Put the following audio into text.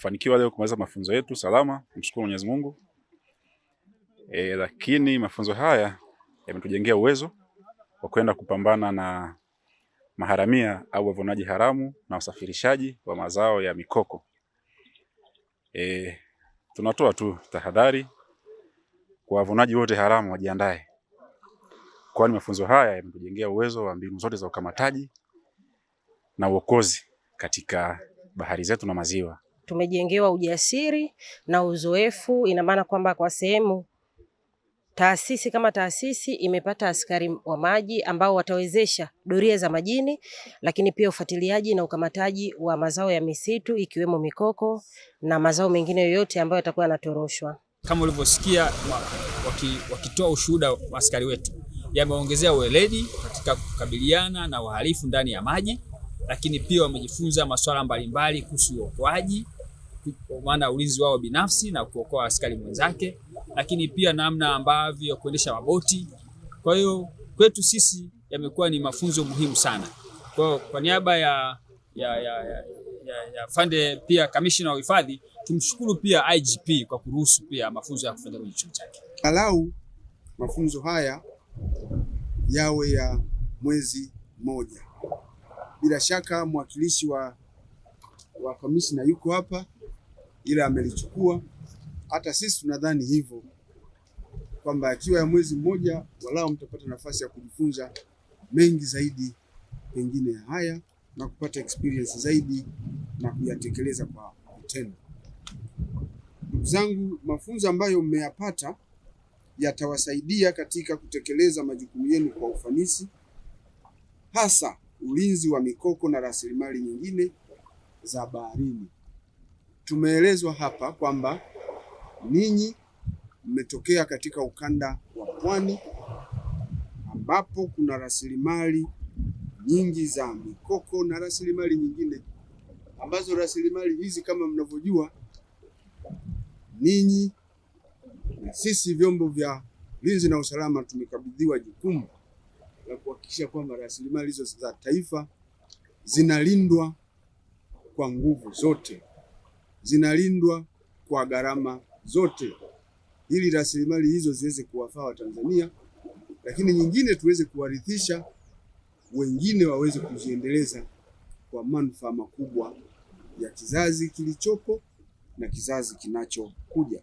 kufanikiwa leo kumaliza mafunzo yetu salama, mshukuru Mwenyezi Mungu. E, lakini mafunzo haya yametujengea uwezo wa kwenda kupambana na maharamia au wavunaji haramu na usafirishaji wa mazao ya mikoko. E, tunatoa tu tahadhari kwa wavunaji wote haramu wajiandae, kwani mafunzo haya yametujengea uwezo wa mbinu zote za ukamataji na uokozi katika bahari zetu na maziwa tumejengewa ujasiri na uzoefu. Ina maana kwamba kwa sehemu taasisi kama taasisi imepata askari wa maji ambao watawezesha doria za majini, lakini pia ufuatiliaji na ukamataji wa mazao ya misitu ikiwemo mikoko na mazao mengine yoyote ambayo yatakuwa yanatoroshwa. Kama ulivyosikia wakitoa waki ushuhuda wa askari wetu, yameongezea weledi katika kukabiliana na wahalifu ndani ya maji, lakini pia wamejifunza masuala mbalimbali kuhusu uokoaji kwa maana ulinzi wao binafsi na kuokoa askari mwenzake, lakini pia namna ambavyo kuendesha maboti. Kwa hiyo kwetu sisi yamekuwa ni mafunzo muhimu sana. Kwa hiyo kwa niaba ya, ya, ya, ya, ya, ya Fande pia kamishna wa hifadhi tumshukuru pia IGP kwa kuruhusu pia mafunzo ya kufanya kwenye chuo chake. Alau mafunzo haya yawe ya mwezi mmoja. Bila shaka mwakilishi wa, wa kamishna yuko hapa ile amelichukua. Hata sisi tunadhani hivyo kwamba akiwa ya mwezi mmoja, walao mtapata nafasi ya kujifunza mengi zaidi pengine ya haya na kupata experience zaidi na kuyatekeleza kwa vitendo. Ndugu zangu, mafunzo ambayo mmeyapata yatawasaidia katika kutekeleza majukumu yenu kwa ufanisi, hasa ulinzi wa mikoko na rasilimali nyingine za baharini tumeelezwa hapa kwamba ninyi mmetokea katika ukanda wa pwani ambapo kuna rasilimali nyingi za mikoko na rasilimali nyingine ambazo rasilimali hizi kama mnavyojua ninyi na sisi vyombo vya ulinzi na usalama tumekabidhiwa jukumu la kuhakikisha kwamba rasilimali hizo za taifa zinalindwa kwa nguvu zote zinalindwa kwa gharama zote, ili rasilimali hizo ziweze kuwafaa Watanzania, lakini nyingine tuweze kuwarithisha wengine waweze kuziendeleza kwa manufaa makubwa ya kizazi kilichopo na kizazi kinachokuja.